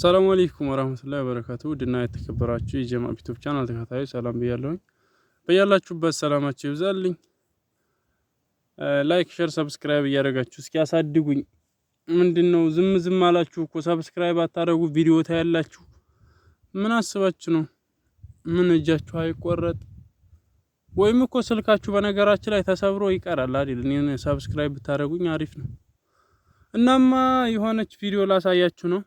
ሰላም አለይኩም ወራህመቱላሂ ወበረካቱ ድና የተከበራችሁ የጀማ ዩቲዩብ ቻናል ተከታታዮች ሰላም ብያለሁኝ። በያላችሁበት ሰላማችሁ ይብዛልኝ። ላይክ፣ ሼር፣ ሰብስክራይብ እያደረጋችሁ እስኪ ያሳድጉኝ። ምንድነው ዝም ዝም አላችሁ እኮ ሰብስክራይብ አታደርጉ ቪዲዮ ታያላችሁ። ምን አስባችሁ ነው? ምን እጃችሁ አይቆረጥ ወይም እኮ ስልካችሁ በነገራችን ላይ ተሰብሮ ይቀራል አይደል? እኔን ሰብስክራይብ ብታደርጉኝ አሪፍ ነው። እናማ የሆነች ቪዲዮ ላሳያችሁ ነው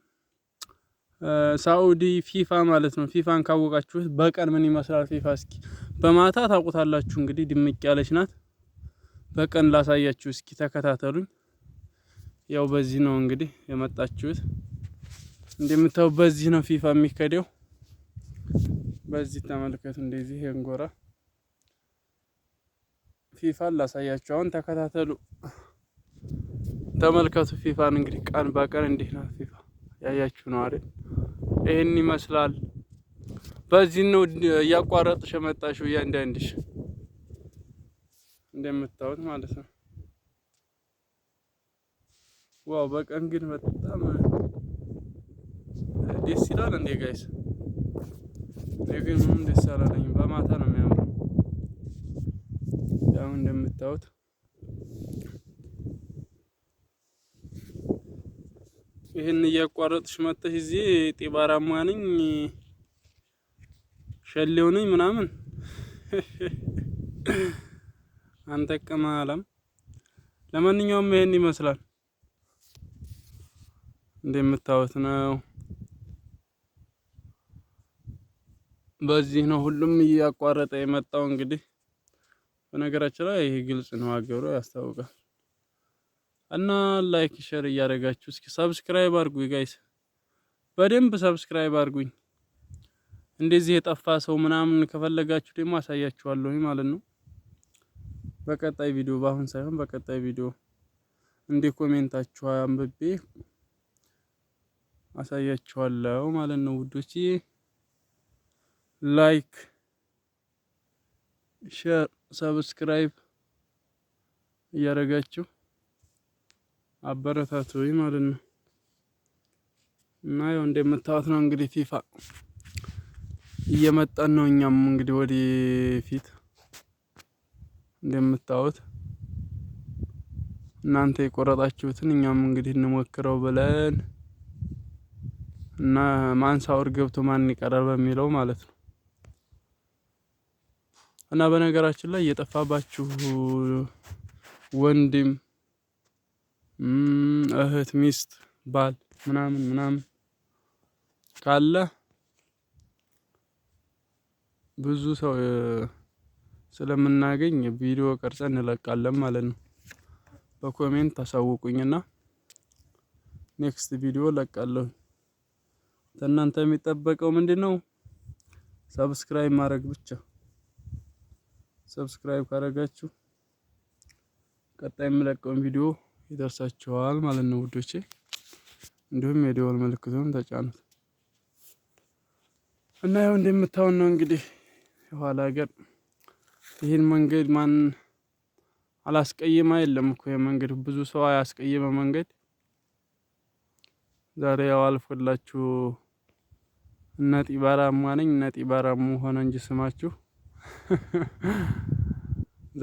ሳኡዲ ፊፋ ማለት ነው። ፊፋን ካወቃችሁት በቀን ምን ይመስላል ፊፋ እስኪ በማታ ታውቁታላችሁ። እንግዲህ ድምቅ ያለች ናት። በቀን ላሳያችሁ እስኪ ተከታተሉኝ። ያው በዚህ ነው እንግዲህ የመጣችሁት እንደምታው በዚህ ነው ፊፋ የሚከደው። በዚህ ተመልከቱ። እንደዚህ የንጎራ ፊፋን ላሳያችሁ አሁን ተከታተሉ፣ ተመልከቱ። ፊፋን እንግዲህ ቀን በቀን እንዲህ ናት ፊፋ ያያችሁ ነው አይደል? ይህን ይመስላል። በዚህ ነው እያቋረጥሽ የመጣሽው እያንዳንድሽ እንደምታዩት ማለት ነው። ዋው በቀን ግን በጣም ደስ ይላል እንዴ ጋይስ። ግን ምንም ደስ አላለኝም። በማታ ነው የሚያምረው ያው እንደምታዩት ይህን እያቋረጥሽ መጥተሽ እዚህ ጢባራማ ነኝ ሸሌው ነኝ ምናምን አንጠቅም አለም። ለማንኛውም ይህን ይመስላል እንደምታዩት ነው። በዚህ ነው ሁሉም እያቋረጠ የመጣው። እንግዲህ በነገራችን ላይ ይሄ ግልጽ ነው፣ አገሩ ያስታውቃል። እና ላይክ ሸር እያደረጋችሁ እስኪ ሰብስክራይብ አድርጉኝ ጋይስ፣ በደንብ ሰብስክራይብ አድርጉኝ። እንደዚህ የጠፋ ሰው ምናምን ከፈለጋችሁ ደግሞ አሳያችኋለሁ ማለት ነው። በቀጣይ ቪዲዮ፣ በአሁን ሳይሆን በቀጣይ ቪዲዮ እንደ ኮሜንታችሁ አንብቤ አሳያችኋለሁ ማለት ነው ውዶች። ላይክ ሼር ሰብስክራይብ እያደረጋችሁ አበረታቱ ማለት ነው። እና ያው እንደምታዩት ነው እንግዲህ ፊፋ እየመጣን ነው። እኛም እንግዲህ ወደፊት እንደምታዩት እናንተ የቆረጣችሁትን እኛም እንግዲህ እንሞክረው ብለን እና ማን ሳውር ገብቶ ማን ይቀራል በሚለው ማለት ነው። እና በነገራችን ላይ እየጠፋባችሁ ወንድም እህት፣ ሚስት፣ ባል ምናምን ምናምን ካለ ብዙ ሰው ስለምናገኝ ቪዲዮ ቀርጸን እንለቃለን ማለት ነው። በኮሜንት ታሳውቁኝና ኔክስት ቪዲዮ ለቃለሁ። ከእናንተ የሚጠበቀው ምንድን ነው? ሰብስክራይብ ማድረግ ብቻ። ሰብስክራይብ ካደረጋችሁ ቀጣይ የምለቀውን ቪዲዮ ይደርሳችኋል ማለት ነው ውዶቼ። እንዲሁም የደወል ምልክቱን ተጫኑት እና ያው እንደምታውን ነው እንግዲህ የኋላ ሀገር ይህን መንገድ ማን አላስቀየማ የለም እኮ የመንገድ ብዙ ሰው ያስቀየመ መንገድ ዛሬ ያው አልፎላችሁ ነጢ ጢባራማ ነኝ እነ ጢባራሙ ሆነ እንጂ ስማችሁ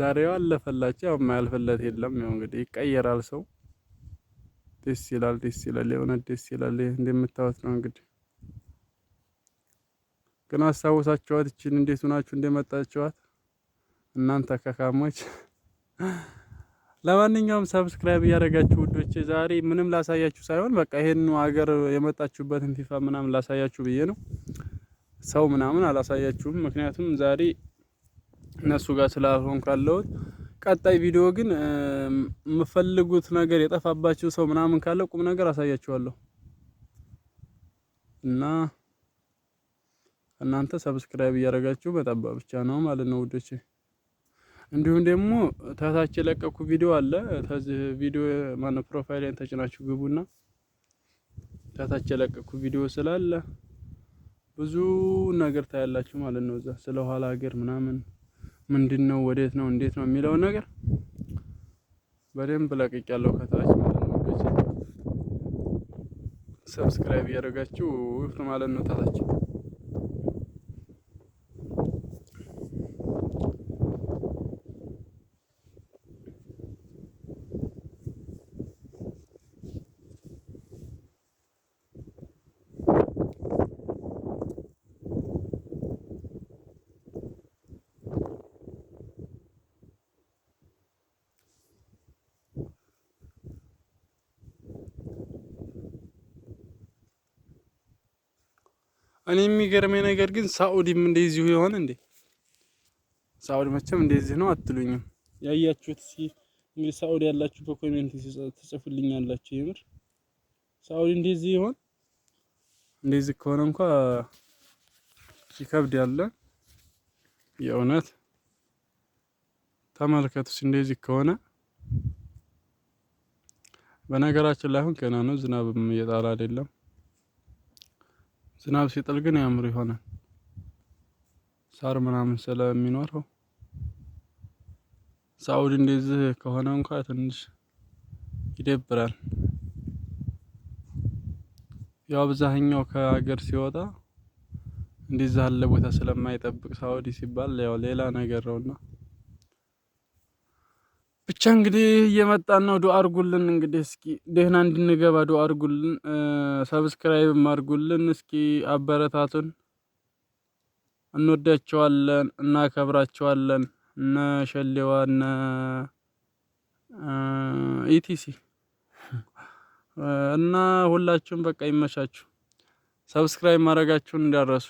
ዛሬው አለፈላቸው። ያው የማያልፍለት የለም። ያው እንግዲህ ይቀየራል ሰው። ደስ ይላል፣ ደስ ይላል፣ የሆነ ደስ ይላል። እንደምታዩት ነው እንግዲህ ግን አስታውሳችኋት እችን እንዴት ሆናችሁ እንደመጣችኋት እናንተ ከካሞች። ለማንኛውም ሰብስክራይብ እያደረጋችሁ ውዶች፣ ዛሬ ምንም ላሳያችሁ ሳይሆን በቃ ይሄን ሀገር የመጣችሁበትን ፊፋ ምናምን ላሳያችሁ ብዬ ነው። ሰው ምናምን አላሳያችሁም። ምክንያቱም ዛሬ እነሱ ጋር ስላልሆንኩ ያለሁት። ቀጣይ ቪዲዮ ግን የምፈልጉት ነገር የጠፋባችሁ ሰው ምናምን ካለ ቁም ነገር አሳያችኋለሁ እና እናንተ ሰብስክራይብ እያደረጋችሁ መጠባ ብቻ ነው ማለት ነው ውዶች። እንዲሁም ደግሞ ታታች የለቀኩ ቪዲዮ አለ። ከዚህ ቪዲዮ ማነው ፕሮፋይልን ተጭናችሁ ግቡና ታታች የለቀኩ ቪዲዮ ስላለ ብዙ ነገር ታያላችሁ ማለት ነው። እዛ ስለ ኋላ ሀገር ምናምን ምንድን ነው ወዴት ነው እንዴት ነው የሚለውን ነገር በደንብ ለቅቅ ያለው ከታች ሰብስክራይብ እያደረጋችሁ ማለት ነው ታታችሁ እኔ የሚገርመኝ ነገር ግን ሳኡዲም እንደዚሁ ይሆን እንዴ? ሳኡዲ መቼም እንደዚህ ነው አትሉኝም። ያያችሁት እስኪ እንግዲህ ሳኡዲ ያላችሁ በኮሜንት ትጽፉልኛላችሁ። የምር ሳኡዲ እንደዚህ ይሆን? እንደዚህ ከሆነ እንኳ ይከብድ ያለ የእውነት ተመልከቱስ፣ እንደዚህ ከሆነ በነገራችን ላይ አሁን ገና ነው፣ ዝናብም እየጣለ አይደለም። ዝናብ ሲጥል ግን ያምር ይሆናል። ሳር ምናምን ስለሚኖረው ሳውድ እንደዚህ ከሆነ እንኳ ትንሽ ይደብራል። ያው አብዛኛው ከሀገር ሲወጣ እንዲህ ያለ ቦታ ስለማይጠብቅ ሳውዲ ሲባል ያው ሌላ ነገር ነውና ብቻ እንግዲህ እየመጣን ነው። ዱአ አድርጉልን። እንግዲህ እስኪ ደህና እንድንገባ ዱአ አርጉልን፣ ሰብስክራይብም አድርጉልን። እስኪ አበረታቱን። እንወዳቸዋለን፣ እናከብራቸዋለን። እነ ሸሌዋ እነ ኢቲሲ እና ሁላችሁም በቃ ይመቻችሁ። ሰብስክራይብ ማድረጋችሁን እንዳረሱ